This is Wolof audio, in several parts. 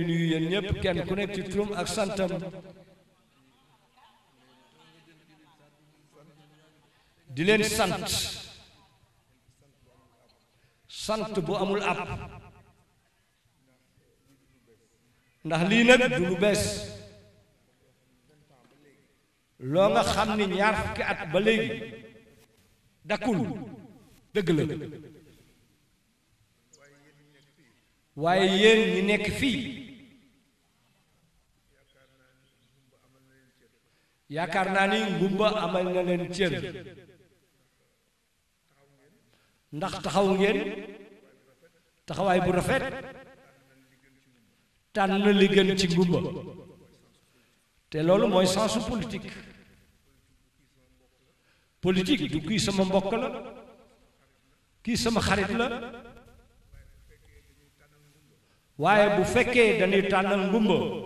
nuyu yéen ñëpp kenn ku nekk ci turam ak santam di leen sant sant bu amul ab ndax lii nag du lu bees loo nga xam ni ñaar fukki at ba léegi dakkul waaye yéen ñi nekk fii Ya karena ini gumba amal na cer. Nak tahu taxaw Tahu taxawaay bu rafet tànn li gën ci Politik. Politik loolu Politik sensu du Ki sama mbokk la kii sama xarit la Waye bu fekke dañuy tanal ngumba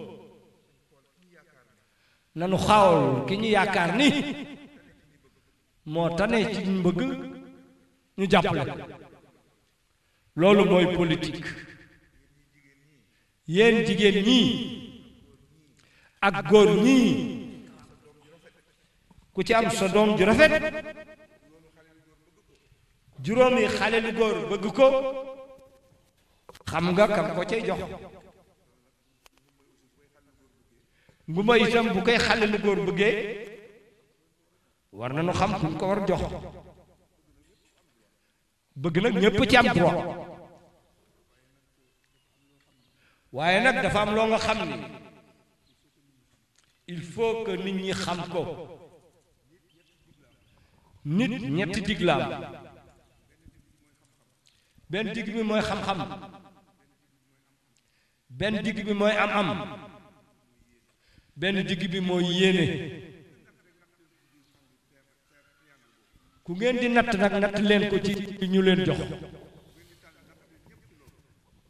nanu xawal ki ñu yaakaar ni moo tane ci ñu bëgg ñu jàppale loolu mooy politique yéen jigéen ñii ak góor ñi ku ci am sa doom ju rafet juróomi xale lu góor bëgg ko xam nga kam ko cay jox mbuba itam bu koy xale lu góor bëggee war nañu xam ku ko war jox bëgg nag ñépp ci am droit waaye nag dafa am loo nga xam ni il faut que nit ñi xam ko nit ñetti diglaam benn digg bi mooy xam-xam benn digg bi mooy am-am benn digg bi mooy yéene ku ngeen di natt nag natt leen ko ci ñu leen jox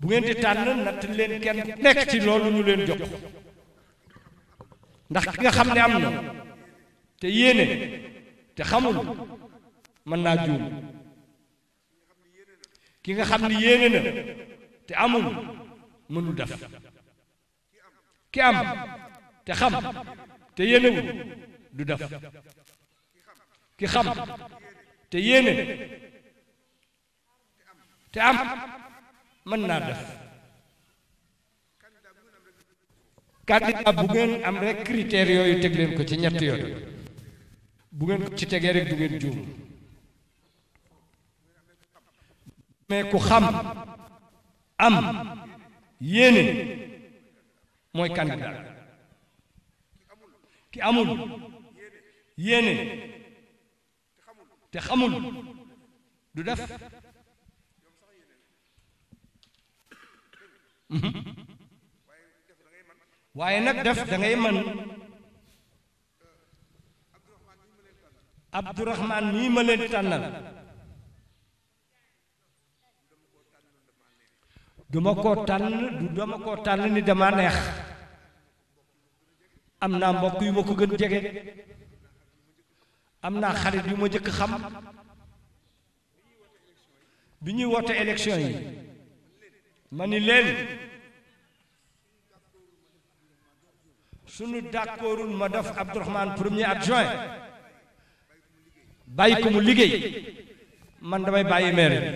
bu ngeen di tànn natt leen kenn nekk ci loolu ñu leen jox ndax ki nga xam ne am na te yéene te xamul mën naa juum ki nga xam ne yéene na te amul mënul def ki am te xam te yene du def ki xam te yéene te am mën naa def candidat bu ngeen am rek critère yooyu teg leen ko ci ñett yoon bu ngeen ko ci tegee rek du ngeen juum mais ku xam am yéene mooy candidat ki amul yéene te xamul du def waaye nag def da ngay mën Abdourahman mii ma leen tànnal duma koo tànn du dama koo tànn ni dama neex am naa mbokk yu ma ko gën jege am na xarit yu ma jëkk xam bi ñuy wote élection yi ma ni leen suñu d'accordul ma def Abdourahmane premier adjoint bàyyi ko mu liggéey man damay bàyyi maire bi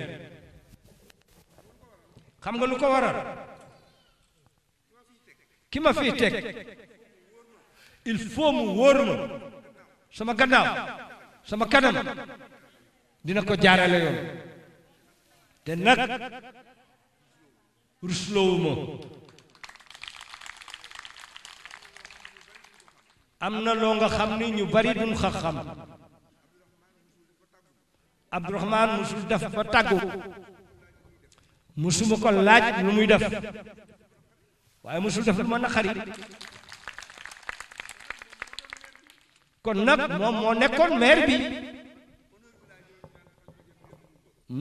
xam nga lu ko waral ki ma fiy teg il faut mu wóor ma sama gannaaw sama kanam dina ko jaarale yoon te nag rusloowu am na loo nga xam ni ñu bari duñ xa xam Abdourahmane musul def ba tàggu musuma ko laaj lu muy def waaye musul def lu ma naqari kon nag moom moo nekkoon maire bi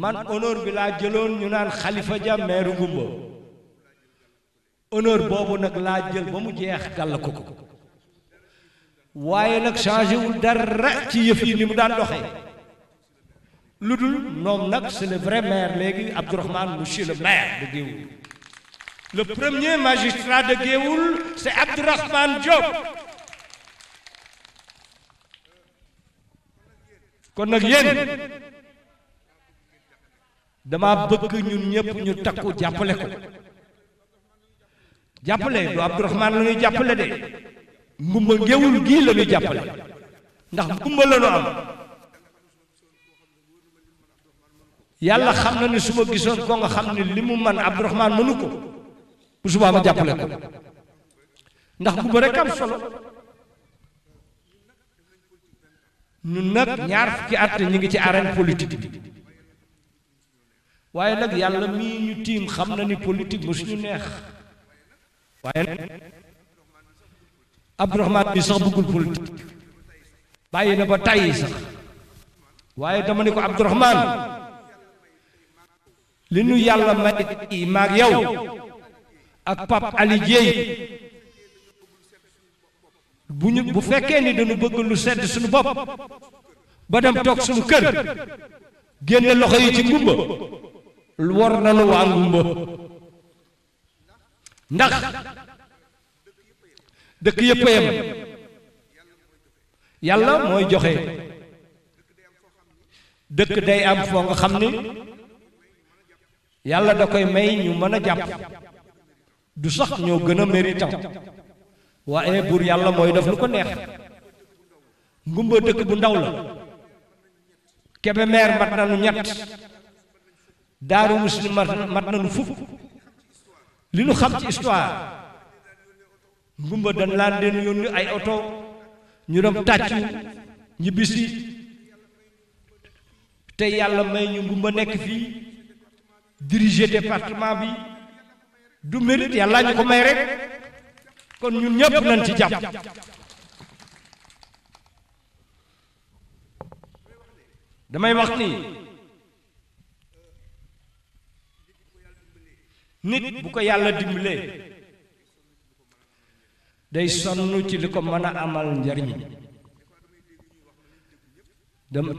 man honneur bi laa jëloon ñu naan xalifa ja maire ngumba honneur boobu nag laa jël ba mu jeex gàll ko ko waaye nag changé wul dara ci yëf yi ni mu daan doxee lu dul moom nag c'est le vrai maire léegi Abdourahmane monsieur le maire de le premier magistrat de c'est Abdourahmane Diop kon nag yéen dama bëgg ñun ñëpp ñu takku jàppale ko jàppale du Abdourahmane la jàppale de ngumba ngéwul gii la ñuy jàppale ndax ngumba la ñu am yàlla xam na ne su gisoon koo nga xam ne li mu man Abdourahmane mënu ko bu subaa ma jàppale ko ndax ngumba rek am solo ñun nag ñaar fukki at ñu ngi ci arène politique bi waaye nag yàlla mii ñu tiim xam na ni politique mu ñu neex waaye nag Abdourahmane bi sax bëggul politique bàyyi na ba tàyyi sax waaye dama ne ko Abdourahmane li nu yàlla may maag yow ak Pape Ali bu ñu bu fekkee ni dañu bëgg lu sedd suñu bopp ba dem toog suñu kër génne loxo yi ci ngumba war nanu waa ngumba ndax dëkk yëpp yem yàlla mooy joxe dëkk day am foo nga xam ni yàlla da koy may ñu mën a jàpp du sax ñoo gën a méritant waaye buur yàlla mooy def lu ko neex ngumba dëkk bu ndaw la kebe meer mat nanu ñett daaru muslim mat nanu fukk li nu xam ci histoire ngumba dañ laan yónni ay oto ñu dem tàccu ñibbisi te yàlla may ñu ngumba nekk fii diriger département bi du mérite yàlla ñu ko may rek kon ñun ñëpp nañ ci jàpp damay wax ni nit bu ko yàlla dimbalee day sonn ci li ko mën a amal njariñ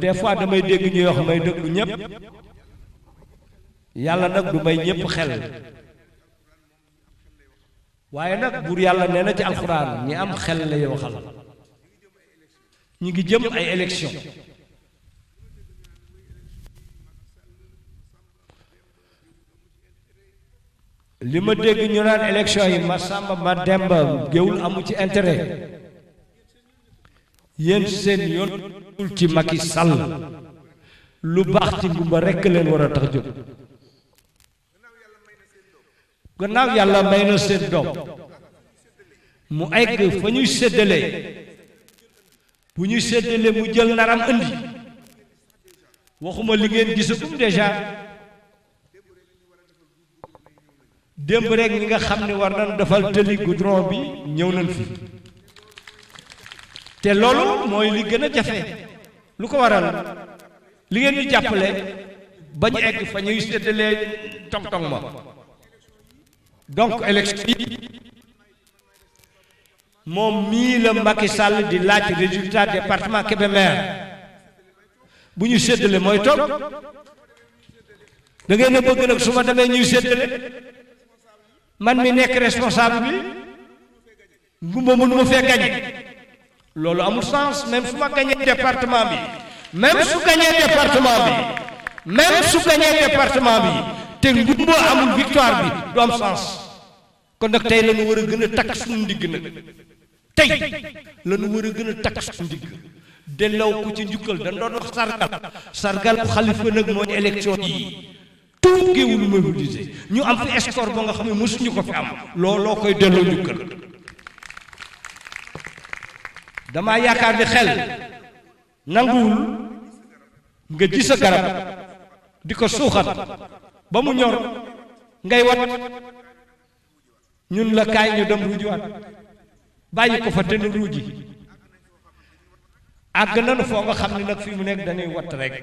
des fois damay dégg ñuy wax may dëggu ñëpp yàlla nag du may ñëpp xel waaye nag buur yàlla nee na ci alxuraan ñi am xel la yoo xal ñu ngi jëm ay élection li ma dégg ñu naan élection yi ma sàmba ma demba géwul amu ci intérêt yéen seen yoon ci mag Macky Sall lu baax ci ngumba rekk leen war a tax jóg gannaaw yàlla may na seen doom mu egg fa ñuy séddalee bu ñuy séddalee mu jël naram indi waxuma li ngeen gisagum déjà démb rek ñi nga xam ne war nañ defal tëli goudron bi ñëw nañ fi te loolu mooy li gën a jafe lu ko waral li ngeen ñu jàppale bañ egg fa ñuy séddalee tong tong ma donc elle explique Mon mille Macky Sall di l'acte résultat département Kébémer bu nous Vous da a bëgg responsable sens même je gagne le département même le département bi même département bi pas avoir amul victoire bi sens kon nag tey lañu war a gën a takk suñu ndigg nag tey lañu war a gën a takk suñu ndigg delloo ko ci njukkal dañ doon wax sargal sargal bu xalifa nag mooy élection yi tout géewul mobilisé ñu am fi escort ba nga xam ne mësuñu ko fi am looloo koy delloo njukkal damaa yaakaar ni xel nanguwul nga ji sa garab di ko suuxat ba mu ñor ngay wat ñun la kaay ñu dem ruujiwaat bàyyi ko fa te nu ruuji àgg nanu foo nga xam ne nag fii mu nekk dañuy watt rek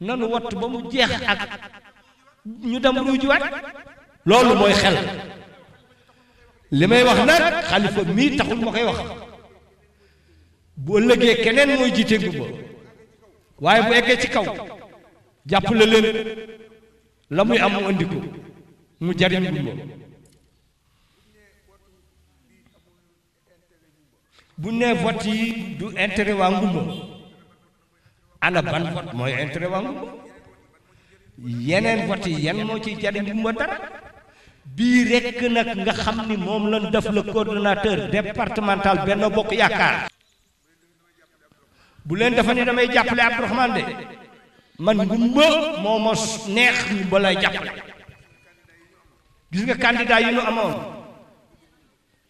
nanu watt ba mu jeex ak ñu dem ruujiwaat loolu mooy xel li may wax nag xalifa mii taxul ma koy wax bu ëllëgee keneen mooy jiite gumba waaye bu eggee ci kaw jàppale leen la muy am mu andi ko mu jariñ gumba bu ne vote yi du intérêt waa ngumba ana ban vote moy intérêt wa ngumba yenen vote yi mo ci ciy jariñ ngumba dara bi rek nak nga xamni mom lañ def le coordinateur départemental benn bokk yaakaar bu len dafa ni damay jàppale abdourahmane de man ngumba moo neex ni balay jàppale gis nga candidat yi ñu amoon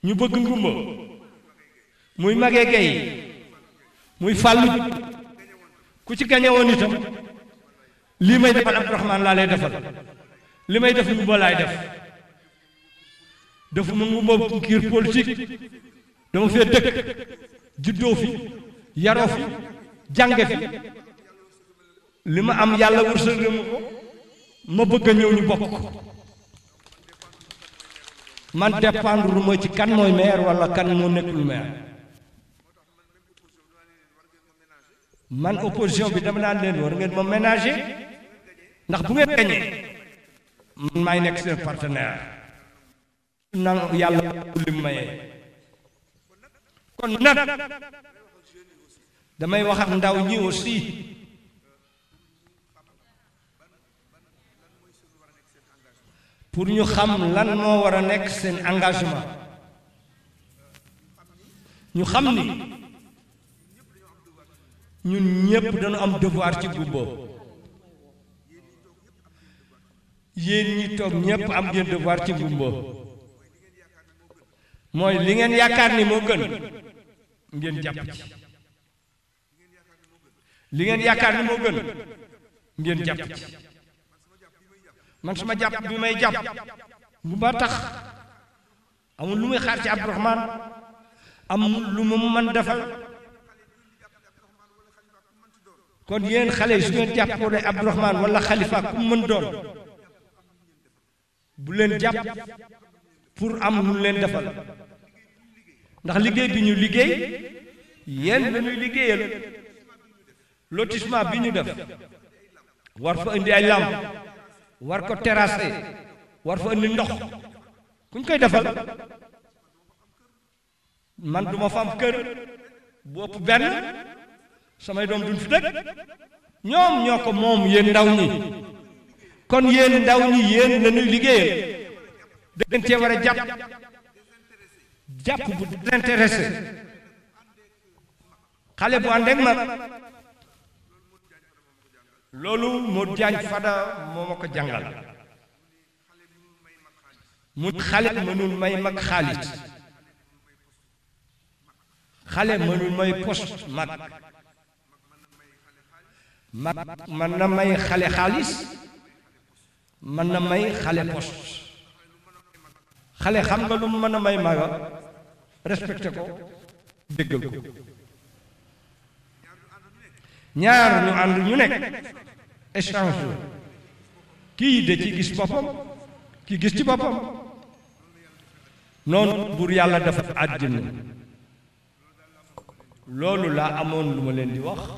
ñu bëgg ngumba muy magee gay muy fàllu ku ci gañe woon itam lii may defal Abdourahmane laa lay defal li may def ngumba laay def def ma ngumba ngir politique dama fee dëkk juddoo fi yaroo fi jànge fi li ma am yàlla wërsëg ma ko ma bëgg a ñëw ñu bokk man dépendre ma ci kan mooy maire wala kan moo nekkul maire man opposition bi dama naan leen war ngeen ma ménager ndax bu ngeen gañee man nekk seen partenaire nan yàlla li mu mayee kon nag damay wax ndaw ñi aussi pour ñu xam lan moo war a nekk seen engagement ñu xam ni ñun ñépp dañu am devoir ci groupe boobu yéen ñi toog ñépp am ngeen devoir ci groupe boobu mooy li ngeen yaakaar ni moo gën ngeen jàpp ci li ngeen yaakaar ni moo gën ngeen jàpp ci man suma jàpp bi may jàpp bu ba tax amul lu muy xaar ci Abdourahmane am lu mu mën defal kon yéen xale yi su ngeen jàppoo ne Abdourahman wala xalifa ku mën doon bu leen jàpp pour am lu leen defal ndax liggéey bi ñu liggéey yéen lañuy liggéeyal lotissement bi ñu def war fa indi ay làmp war ko terrasser war fa indi ndox kuñ koy defal man duma fa kër bu benn samay doom duñ fi ñoom ñoo ko moom ndaw ñi kon yéen ndaw ñi yéen la liggéeyal bu désintéressé xale bu ma loolu moo jaañ fada moo ma ko jàngal mu xale mënul may mag xaalis xale mënul may poste mag mag mën na may xale xaalis mën na may xale post xale xam nga lu mën a may maga respecté ko déggal ko ñaar ñu ànd ñu nekk échange kii de ci gis boppam ki gis ci boppam noonu buur yàlla dafa àddina loolu laa amoon lu ma leen di wax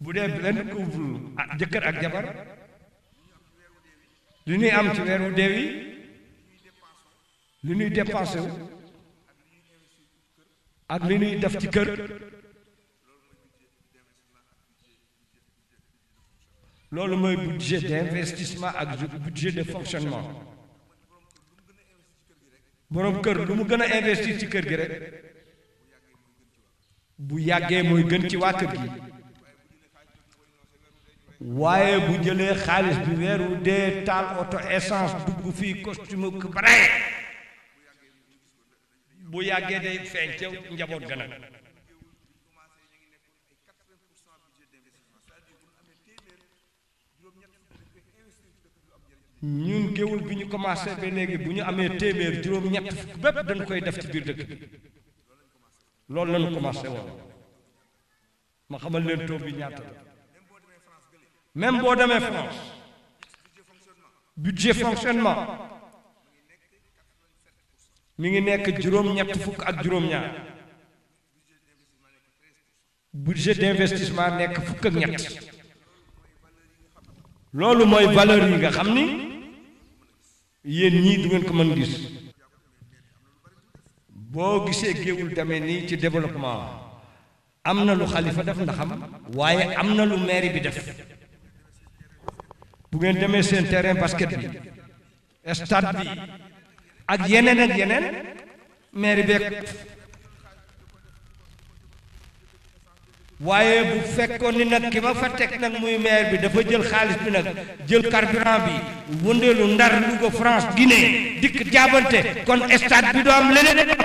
bu dee benn couple jëkkër ak jabar li ñuy am ci weeru deew yi li ñuy dépensé wu ak li ñuy def ci kër loolu mooy budget d'investissement ak budget de fonctionnement boroom kër lu mu gën a investir ci kër gi rek bu yàggee mooy gën ci waa kër gi waaye bu jëlee xaalis bi weer wu dee taal oto essence dugg fii costume ku bare bu yàggee day feeñ ca njaboot gana ñun géwul bi ñu commencé ba léegi bu ñu amee téeméer juróom-ñett fukk bépp dañ koy def ci biir dëkk bi loolu lañu commencé woon ma xamal leen taux bi ñaata même bo demee France budget fonctionnement mi ngi nek juróom-ñett fukk ak juróom-ñaar budget d'investissement nek fuk ak ñett lolu moy valeur yi nga xamni ni ñi du ngeen ko mën gis boo gisee géewul demee ci développement amna na lu xalifa def ndaxam waye amna lu mairie bi def bu ngeen demee seen terrain basket bi stade bi ak yeneen ak yeneen maire beeg waaye bu fekkoon ni nag ki ma fa teg nag muy maire bi dafa jël xaalis bi nag jël carburant bi wëndeelu Ndar Louga France Guinée dikk jaabante kon stade bi doo am leneen am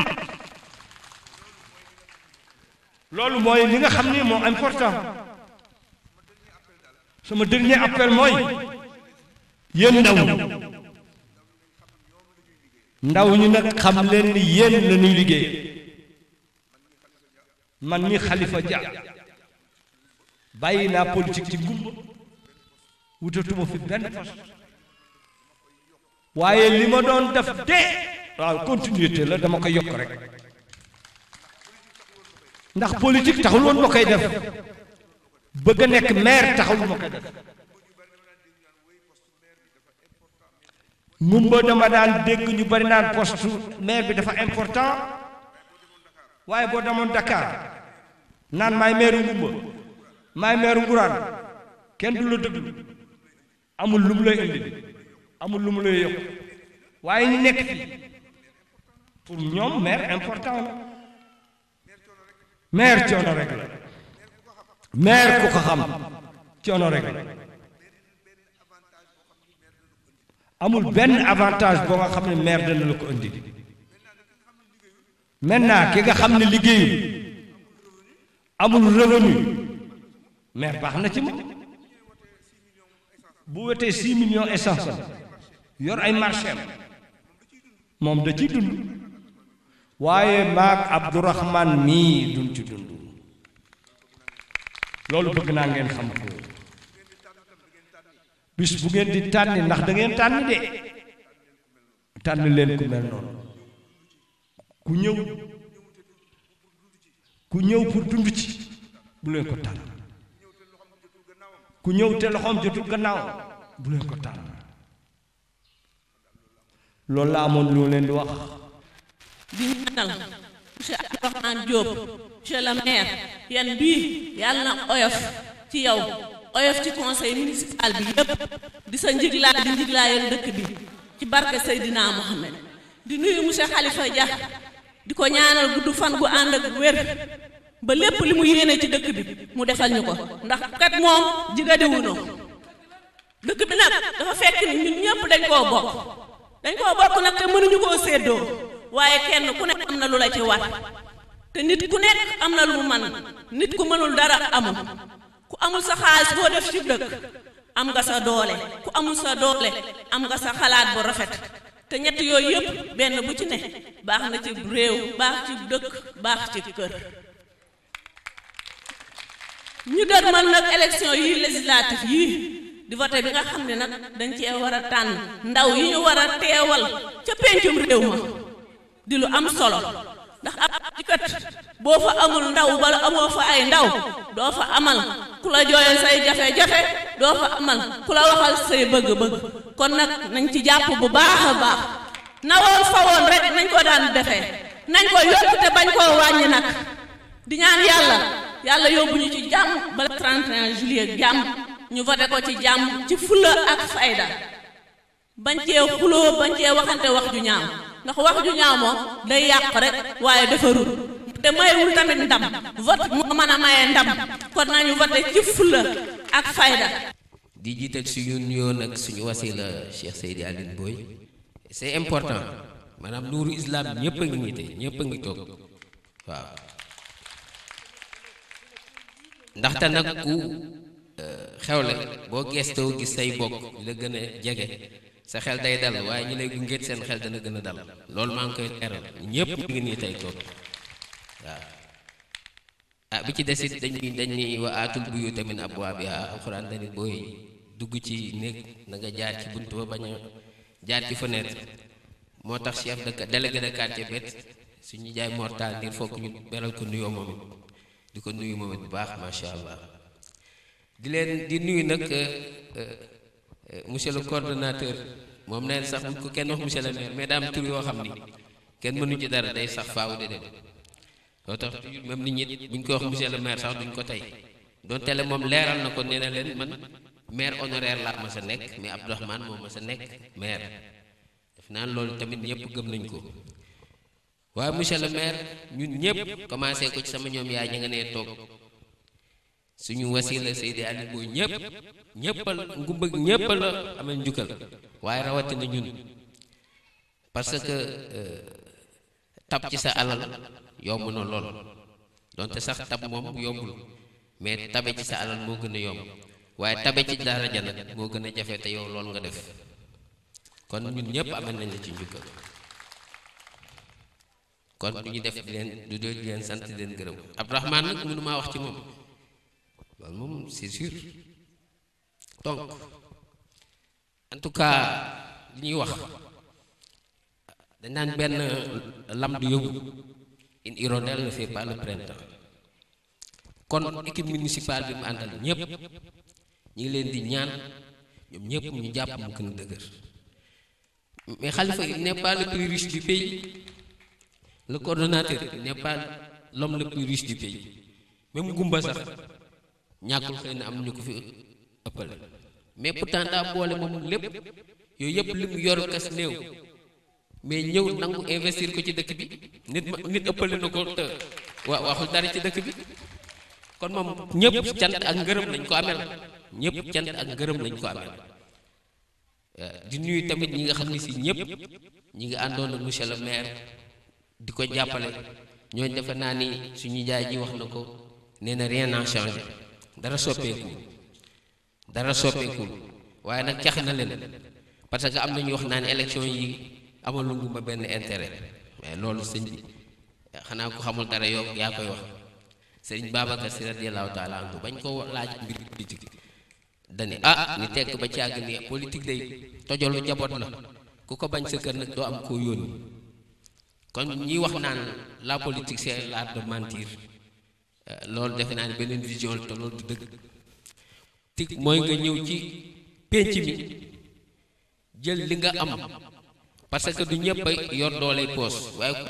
loolu mooy li nga xam ni moo important sama dernier appel mooy yéen ndaw ndaw ñu nag xam leen ni yéen la liggéey man mi xalifa ja bàyyi naa politique ci ngumba wutatuma fi benn fas waaye li ma doon def de waaw continuité la dama koy yokk rek ndax politique taxul woon ma koy def bëgg a nekk maire taxul ma koy def mumba dama daan dégg ñu bari naan poste maire bi dafa important waaye boo damoon Dakar naan maay maire ngumba maay maire nguraan kenn du la déglu amul lu mu lay indi amul lu mu lay yokk waaye ñu nekk pour ñoom maire important la coono rek la maire ku ko xam coono rek la amul benn avantage boo nga xam ne maire dana la ko indi maintenant ki nga xam ne liggéeyul amul revenu maire baax na ci moom bu wetee 6 millions essence yor ay marché moom da ci dund waaye maag Abdourahman mii duñ ci dund loolu bëgg naa ngeen xam ko bis bu ngeen di tànni ndax da ngeen tànni de tànn leen ku mel noonu ku ñëw ku ñëw pour dund ci bu leen ko tànn ku ñëw te loxoom jotul gannaaw bu leen ko tànn loolu la amoon lu leen di wax di ñaanal monsieur Abdourahmane Diop monsieur le maire bii yàlla na oyof ci yow oyof ci conseil municipal bi yépp di sa njiglaa di njiglaayal dëkk bi ci barke sayidina mohammed di nuyu monsieur khalifa dia di ko ñaanal guddu fan gu ànd ak wér ba lépp li mu yéene ci dëkk bi mu defal ñu ko ndax kat moom jigadiwuno dëkk bi nag dafa fekk ni ñun ñëpp dañ koo bokk dañ koo bokk nag te mënuñu koo séddoo waaye kenn ku nekk am na lu la ci war te nit ku nekk am na lu mu man nit ku mënul dara amul ku amul sa xaalis boo def ci dëkk am nga sa doole ku amul sa doole am nga sa xalaat bu rafet te ñett yooyu yëpp benn bu ci ne baax na ci réew baax ci dëkk baax ci kër ñu dërmal nag élection yi législative yii di voté bi nga xam ne nag dañ cee war a tànn ndaw yi ñu war a teewal ca péncum réew ma di lu am solo ndax ab kat bo fa amul ndaw bala amo fa ay ndaw do fa amal kula joyal say jafé jafé do fa amal kula waxal say bëgg-bëgg kon nak nañ ci japp bu baax a baax nawoon fa woon rek nañ ko daan defé nañ ko yokk te bañ ko wañi nak di ñaan yalla yalla ci jamm ba 31 juillet jamm ñu voté ko ci jamm ci ak fayda bañ ci xulo bañ ci waxante wax ju ñaan ndax wax ju ñaaw moom day yàq rek waaye defarul te mayewul tamit ndam vote moo mën a maye ndam kon nañu vote ci fulla ak fayda di jiital suñu nuyoo nag suñu wasila Cheikh Seydi Aline Boye c'est important maanaam nuuru islam ñëpp a ngi nii tey ngi toog waaw ndaxte nag ku euh, xewle boo gestoo gis say bokk la gën a jege sa xel day dal waaye ñu lay gunge seen xel dana gën a dal loolu maa ngi koy teral ñëpp ñu ngi nii tey toog waaw ah bi ci desit dañuy dañuy wa aatul buyuuta min abwaabiha alxuraan dañu booy dugg ci néeg na nga jaar ci bunt ba bañ a jaar ci fenêtre moo tax chef de délégué de quartier bet suñu jaay mortal ngir fokk ñu beral ko nuyoo moom it di ko nuyu moom it bu baax macha allah di leen di nuyu nag. Euh, euh, monsieur le coordonnateur moom neen sax bu ko kenn wax monsieur le maire mais daa am tur yoo xam ni kenn mënu ci dara day sax faaw de dem loo tax même nit ñi buñ ko wax monsieur le maire sax ko tey donte le moom leeral na ko nee na leen man maire honoraire laa sa nekk mais ma sa naa loolu tamit ñëpp gëm nañ ko waaye monsieur le maire ñun ñëpp commencé ko ci sama ñoom yaay ña nee toog suñu wasila sayyidi ali mooy ñepp ñeppal ngu bëgg ñëpp la amee waye rawati na ñun parce que eh, tap ci sa alal yomb na lool donte sax tab moom yombul ya mais tabe ci sa alal mo gëna yomb ya waye tabe ci dara jana mo gëna jafé jafe te yow ya lool nga def kon ñun ñepp amee nañ ci njukkal kon duñu def len du doy leen sant len gërëm abdourahman nag mënuma wax ci mom Bangun sisir Tong Antuka Nyiwah Dengan ben eh, Lam diung In ironel sepa le perintah Kon iki municipal Bim andal nyep Nyilin di nyan Nyep nyep nyep mungkin deger Me khalifa Nepal le plus riche du Le Nepal lom le plus riche du pays ñàkkul xëy na am ñu ko fi ëppale mais pourtant daa boole moom lépp yooyu yëpp li mu yor kas néew mais ñëw nangu investir ko ci dëkk bi nit ma nit ëppale na ko te waa waxul dara ci dëkk bi kon moom ñëpp cant ak ngërëm lañ ko amel ñëpp cant ak ngërëm lañ ko amel euh, di nuyu tamit ñi nga xam ne si ñëpp ñi ngi àndoon ak monsieur le maire di ko jàppale ñooy defe naa ni suñu jaay ji wax na ko nee na dara soppeeku dara soppeekul waaye nag cax na leen parce que am na ñu wax naan élection yi amalu ma benn intérêt mais loolu sëñ bi xanaa ko xamul dara yoo yaa koy wax sëriñ Babacar Si radiyallaahu taala anhu bañ ko laaj mbir politique dani ah ni tekk ba càgg ni politique day tojalu njaboot la ku ko bañ sa kër nag doo am koo yónni kon ñi wax naan la politique c'est l'art de Euh, loolu defe naa ne beneen vision la te du dëgg te mooy nga ñëw ci pénc bi jël li nga am parce que du ñëpp a yor dooley poos waaye eh,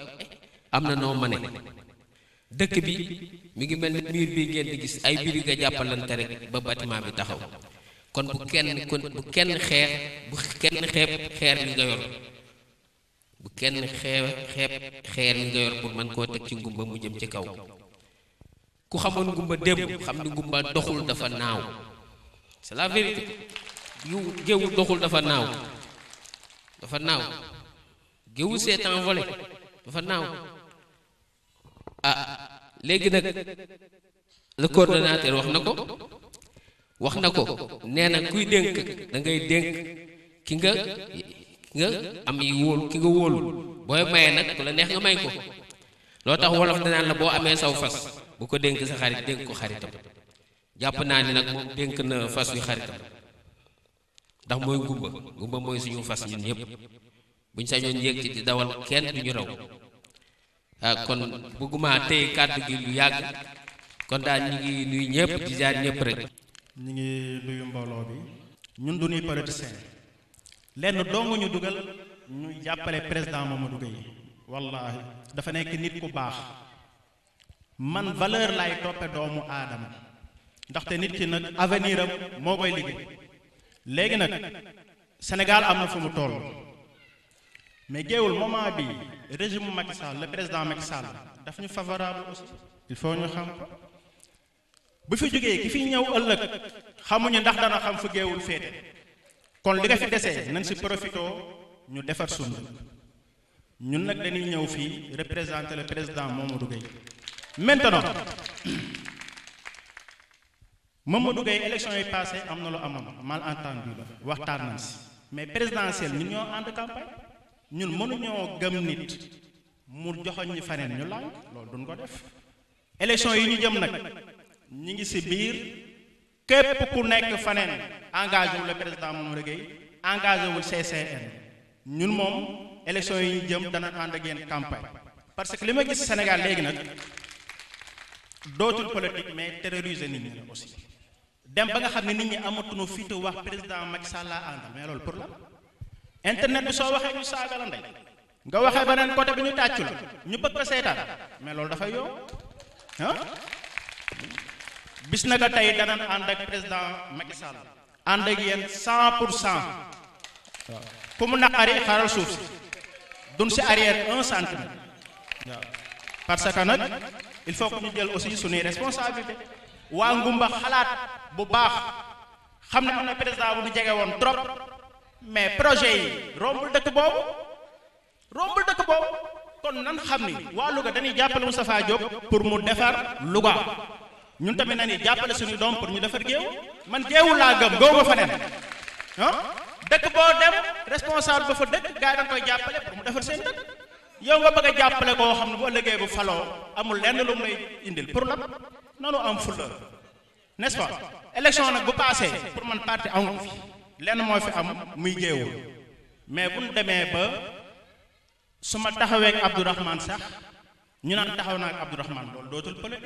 am na noo mane dëkk bi mu ngi mel ni miir bi ngeen gis ay biri nga jàppalante rek ba bâtiment bi taxaw kon bu kenn kon bu kenn xeex bu kenn xeeb xeer li nga yor bu kenn xeeb xeeb xeer li nga yor mën koo teg ci ngumba mu jëm ci kaw ku xamoon ngumba démb xam ni ngumba doxul dafa naaw c'est la vérité yu géewu doxul dafa naaw dafa naaw géewu s'est envolé dafa naaw ah léegi nag le coordonnateur wax na ko wax na ko nee na kuy dénk da ngay dénk ki nga ki nga am yi wóolu ki nga wóolu booy maye nag ku la neex nga may ko lo tax wolof danaan la boo amee saw fas bu ko dénk sa xarit dénk ko xaritam jàpp naa ni nag moom dénk na fas wi xaritam ndax mooy gumba gumba mooy suñu fas ñun ñëpp buñ sañoon yéeg ci di dawal kenn duñu raw ah, kon bëgguma tey kàddu gi lu yàgg kon daal ñu ngi nuyu ñëpp di jaar rek ñu ngi nuyu mbooloo bi ñun du ñuy politicien lenn dong ñu dugal ñu jàppale président Mamadou Gueye wallaahi dafa nekk nit ku baax man valeur lay toppe doomu aadama ndaxte nit ki nag avenir moo koy liggéey léegi nag Sénégal am na fu mu toll mais géewul moment bi régime Macky Sall le président Macky Sall daf ñu favorable aussi il faut ñu xam bu fi jógee ki fi ñëw ëllëg xamuñu ndax dana xam fu géewul féete kon li nga fi desee nañ si profitoo ñu defar sunu ñun nag dañuy ñëw fii représenter la président Mamadou Gueye maintenant ma Gueye élection yi passé am na lu amoon malentendu la waxtaan nañ si mais présidentielle ñun ñoo ànd campagne ñun mënuñoo gëm nit mu joxoñ ñi faneen ñu lànk loolu duñ ko def élection yi ñu jëm nag ñi ngi si biir képp ku nekk faneen engagé wu le président Mamadou Gueye engagé wul CCN ñun moom élection yi ñu jëm dana ànd ak yéen campagne parce que li ma gis Sénégal léegi nag dootul politique mais terroriser nit ñi aussi dem ba nga xam ne nit ñi amatuñu fitu wax président Macky Sall laa ànd mais pour la internet bi soo waxee ñu saaga la ndey nga waxee beneen côté bi ñu tàccu la ñu bëgg ko seetaan mais loolu dafay yow bis na ko tey danañ ànd ak président Macky Sall ànd ak yéen cent pour cent waaw ku mu naqari xaaral suuf si duñ si arrière un centimètre waaw parce que nag il faut que ñu jël aussi suñuy responsabilité waa ngumba xalaat bu baax xam ne am na président bu ñu jege woon trop mais projet yi rombul dëkk boobu rombul dëkk boobu kon nan xam ni waa Louga dañuy jàppale Moustapha Diop pour mu defar Louga ñun tamit nañuy jàppale suñu doom pour ñu defar géew man géewu laa gëm góoba fa nen dëkk boo dem responsable ba fa dëkk gars yi koy jàppale pour mu defar seen dëkk yow nga bëgg a jàppale koo xam ne bu ëllëgee bu faloo amul lenn lu mu lay indil pour la nanu am fulla n'est-ce nag bu passé pour man parti amu fi lenn moo fi am muy géewul mais bu ñu demee ba su ma taxaweek ak Abdourahmane sax ñu naan taxaw naa ak Abdourahmane loolu dootul pële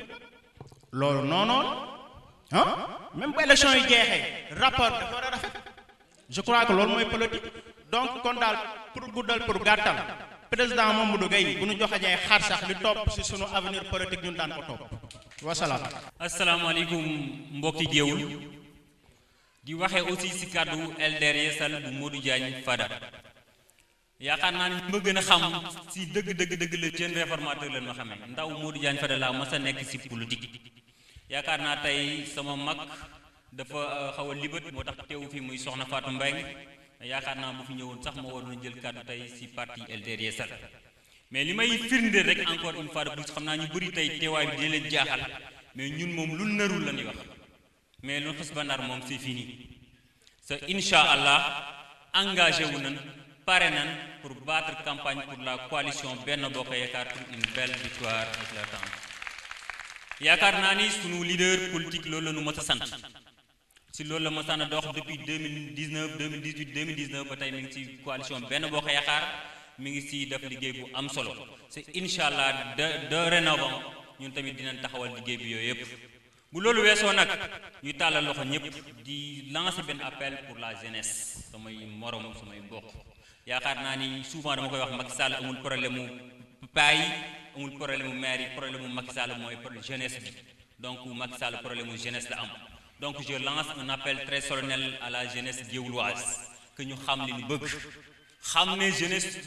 loolu noonoon ah même bu élection yi jeexee rapport dafa a rafet je que loolu mooy politique donc kon daal pour guddal pour gàttal président Mamadou Gueye bu ñu joxañee xar sax li topp ci sunu avenir politique ñun daan ko topp wasalaam asalaamaaleykum mbokki géewul di waxee aussi ci kàddu LDR Yeesal bu Modou Diagne yaakaar naa ni ma gën a xam si dëgg dëgg dëgg la jeune réformateur leen ma xamee ndaw Modou Diagne laa mas a nekk ci politique yaakaar naa tey sama mag dafa euh, xaw a libat moo tax teewu fii muy soxna Fatou Mbengue yaakaar naa bu fi ñëwoon sax moo waroon a jël kàddu tey si parti LDR Yeesal mais li may firndeel rek encore une fois de plus xam naa ñu bëri tey teewaay dina leen jaaxal mais ñun moom lu narul la wax mais lu xas ba nar moom c'est fini sa incha allah engagé wu nan pare nan pour battre campagne pour la coalition Benno Bokk Yaakaar pour une belle victoire éclatante yaakaar naa ni sunu leader politique loolu la ñu mës a sant si loolu la mosaan a dox depuis 2019 2018 2019 ba tey mi ngi ci coalition benn boo ko yaakaar mi ngi si def liggéey bu am solo te incha allah de dorénavant ñun tamit dinañ taxawal liggéey bi yooyu yëpp bu loolu weesoo nag ñu tàllal loxo ñëpp di lancer benn appel pour la jeunesse samay morom samay bokk yaakaar naa ni souvent dama koy wax Macky Sall amul problème mu pay amul problème mu maire yi problème mu Macky Sall mooy problème jeunesse bi donc Macky Sall problème mu jeunesse am. donc je lance un appel très solennel à la jeunesse guéouloise que nous xam li ñu bëgg xam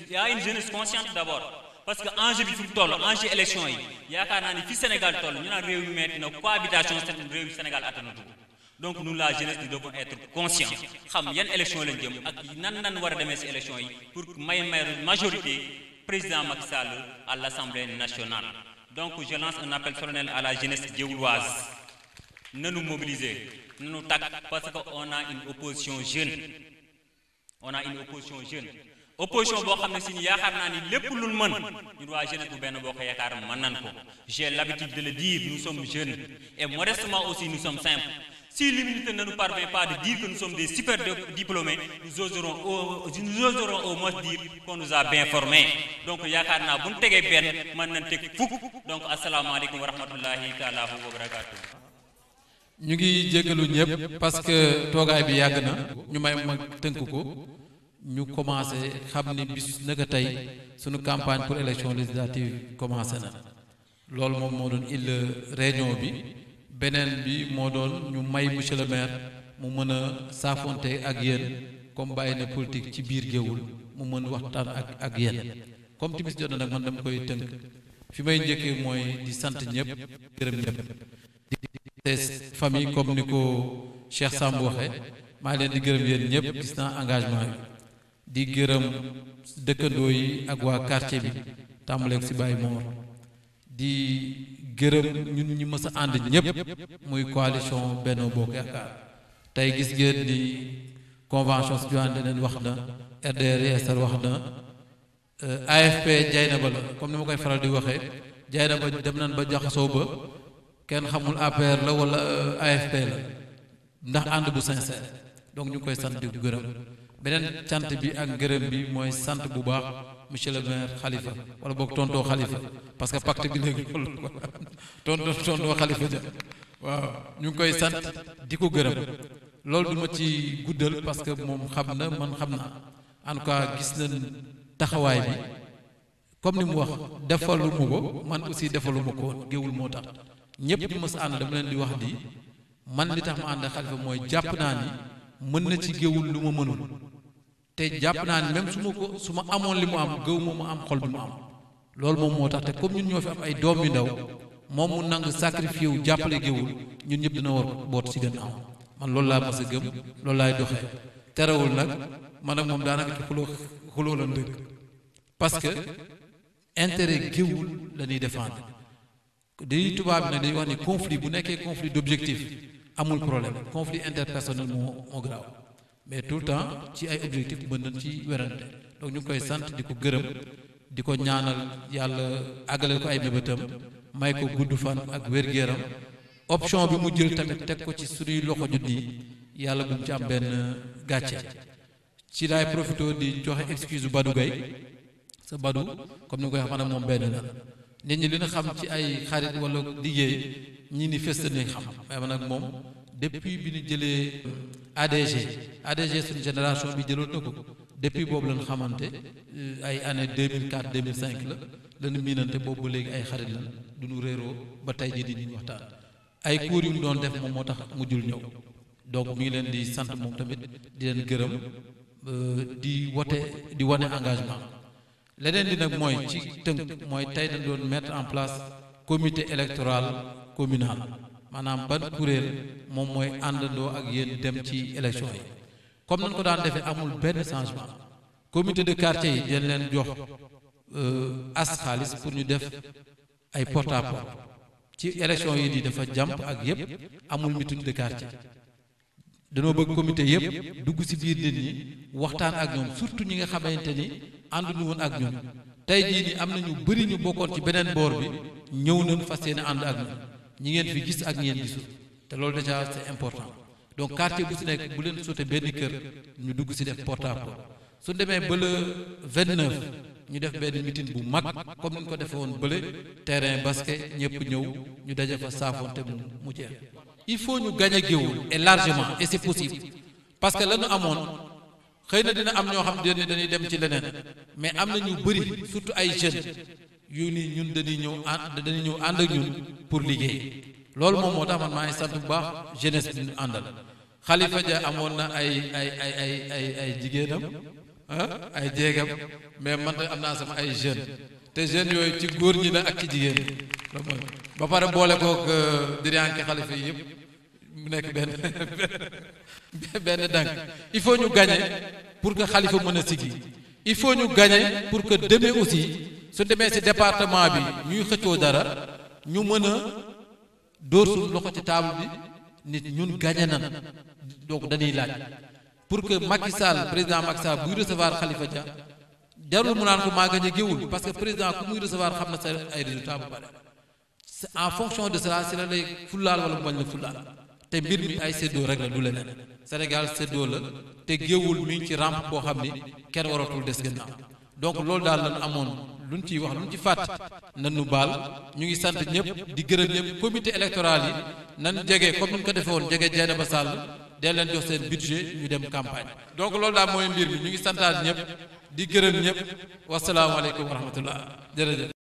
y a une jeunesse consciente d'abord parce que en bi fi mu toll enjeu élection yi yaakaar naa ni fi Sénégal toll ñu naan réew mi metti na cohabitation c'est réew Sénégal à donc nous la jeunesse nous devons être conscients xam yan élection lañ jëm et nan nan war a demee élection yi pour may la majorité président Macky Sall à l'Assemblée nationale donc je lance un appel solennel à la jeunesse géouloise ne nous mobiliser, ne nous tac, parce qu'on a une opposition jeune. On a une opposition jeune. opposition si ni ni j'ai l'habitude de le dire nous sommes jeunes et modestement aussi nous sommes simples si l'humilité ne nous parviennent pas de dire que nous sommes des super diplômés nous oserons au nous oserons au moins dire qu'on nous a bien formés donc yaakaar naa bu ñu tegee benn mën nañ de donc alaikum wa rahmatullahi wa barakatuh. ñu ngi jégalu ñëpp parce que toogaay bi yàgg na ñu may ma tënk ko ñu commencé xam ni bis naka tey suñu campagne pour élection législative commencé na loolu moom moo doon il réunion bi beneen bi moo doon ñu may monsieur le maire mu mën a saafonte ak yéen comme bàyyi na politique ci biir géewul mu mën waxtaan ak ak yéen comme timis jot na nag man dama koy tënk fi may njëkkee mooy di sant ñëpp gërëm ñëpp te famille comme ni ko Cheikh Samb waxee maa leen di gërëm yéen ñëpp gis naa engagement yi di gërëm dëkkandoo yi ak waa quartier bi tàmbaleeg si Baye Mor di gërëm ñun ñi mës a ànd ñëpp muy coalition Benno Bokk Yaakaar tey gis ngeen ni convention citoyenne deneen wax na RDR wax na euh, AFP jay ba la comme ni ma koy faral di waxee jay ba dem nañ ba jaxasoo ba kenn xamul APR la wala euh, AFP la ndax ànd bu sincère donc ñu ngi koy sant di gërëm beneen cant bi ak ngërëm bi mooy sant bu baax monsieur le maire Khalifa wala boog tontoo Khalifa parce que pacte bi léegi loolu tonto tontoo Khalifa ja waaw ñu ngi koy sant di ko gërëm loolu duma ci guddal parce que moom xam na man xam na en gis nañ taxawaay bi comme ni mu wax defalu mu ko man aussi defalu ko woon moo tax ñëpp ñu mës ànd dama leen di wax di man li tax ma ànd ak xalifa mooy jàpp naa ni mën na ci géewul lu ma mënul te jàpp naa ni même su ma ko su ma amoon li mu am géew moom ma am xol bi mu am loolu moom moo tax te comme ñun ñoo fi am ay doom yu ndaw moom mu nangu sacrifié wu jàppale géewul ñun ñëpp dina war boot si gën am man loolu laa mës a gëm loolu laay doxee terewul nag man ak moom daanaka ci xuloo xuloo la ndëkk parce que intérêt géewul la ñuy di tubaab ne dañuy wax ni conflit bu nekkee conflit d'objectif amul problème conflit interpersonnel moo moo garaaw mais tout le temps ci ay objectif mën nañ ci werante donc ñu ngi koy sant di ko gërëm di ko ñaanal yàlla àggaleel ko ay mébétam may ko gudd fan ak wér gu option bi mu jël tamit teg ko ci suñuy loxo ñun nii yàlla bu ci am benn gàcce ci laay profité di joxe excuse Badou gay, sa Badou comme ni nga koy xam ne moom benn la nit ñi li ñu xam ci ay xarit wala liggéey ñi ni feste nañ xam mais nag moom depuis bi nu jëlee ADG ADG suñu génération bi jëloo na ko depuis boobu lañ xamante euh, ay année 2004 cinq la lañu miinante boobu ba léegi ay xarit la du ñu réeroo ba tey jii di ñu waxtaan ay cours yu mu doon def moom moo tax mu mujjul ñëw donc mi ngi leen di sant moom tamit di leen gërëm euh, di wote di wane engagement leneen li nag mooy ci de mettre en place comité électoral communal maanaam ban kuréel mon mooy àndandoo ak yéen dem ci élection yi comme nañ ko daan defee amul ben changement comité de quartier yi dañ leen Ascalis euh, as pour ñu def ay porte à porte ci élection yi di dafa jàmp ak yépp amul meeting de quartier dañoo bëgg comité yëpp dugg ci biir nit ñi waxtaan ak ñoom surtout ñi nga xamante ni ànduñu woon ak ñun tey jii nii am na ñu bëri ñu bokkoon ci beneen boor bi ñëw nañu fas yéene ànd ak ñun ñi ngeen fi gis ak ngeen gisul te loolu déjà c'est important donc quartier bu ci nekk bu leen sauté benn kër ñu dugg ci def porte à su demee ba le 29 ñu def benn meeting bu mag comme ni ñu ko defee woon bële terrain basket ñëpp ñëw ñu daje fa saafoonte mu mu jeex. il faut ñu gagner Géoul et largement et c'est possible parce que la ñu amoon xëy na dina am ñoo xam ne dañuy dem ci leneen mais am na ñu bëri surtout ay jeunes yu ni ñun dañuy ñëw ànd dañuy ñëw ànd ñun pour liggéey loolu moom moo tax man maa ngi sant bu baax jeunesse bi ñu àndal Khalifa Dia amoon ay ay ay ay ay ay jigéenam ah ay jéegam mais man amna sama ay jeunes te jeune yoy ci góor ñi la ak ci jigéen la mooy ba pare boole koog euh, diriyànke xalifa yi yëpp mu nekk benn benn dànk il faut ñu gagné pour que xalifa mën a sigi il faut ñu gagné pour que demee aussi su demee si département bi ñuy xëccoo dara ñu mën a dóor suñu loxo ci table bi nit ñun gagné nan donc dañuy laaj pour que Macky Sall président Macky Sall buy recevoir Khalifa Dia jarul mu naan ko maa gagné géwul parce président ku muy recevoir xam na sa ay résultats bu bare en fonction de cela si la lay fullaal wala mu bañ la fullaal te mbir mi ay séddoo rek la du leneen Sénégal séddoo la te géewul mi ngi ci rampe boo xam ni kenn waratul des gannaaw donc loolu daal lan amoon luñ ciy wax luñ ci fàtt nan nu baal ñu ngi sant ñëpp di gërëm ñëpp comité électoral yi nan jege comme ko defee woon jege Dieynaba Sall dee leen jox seen budget dem campagne donc loolu daal mooy mbir mi ñu ngi santaat ñëpp di gërëm ñëpp wasalaamaaleykum wa rahmatullah jërëjëf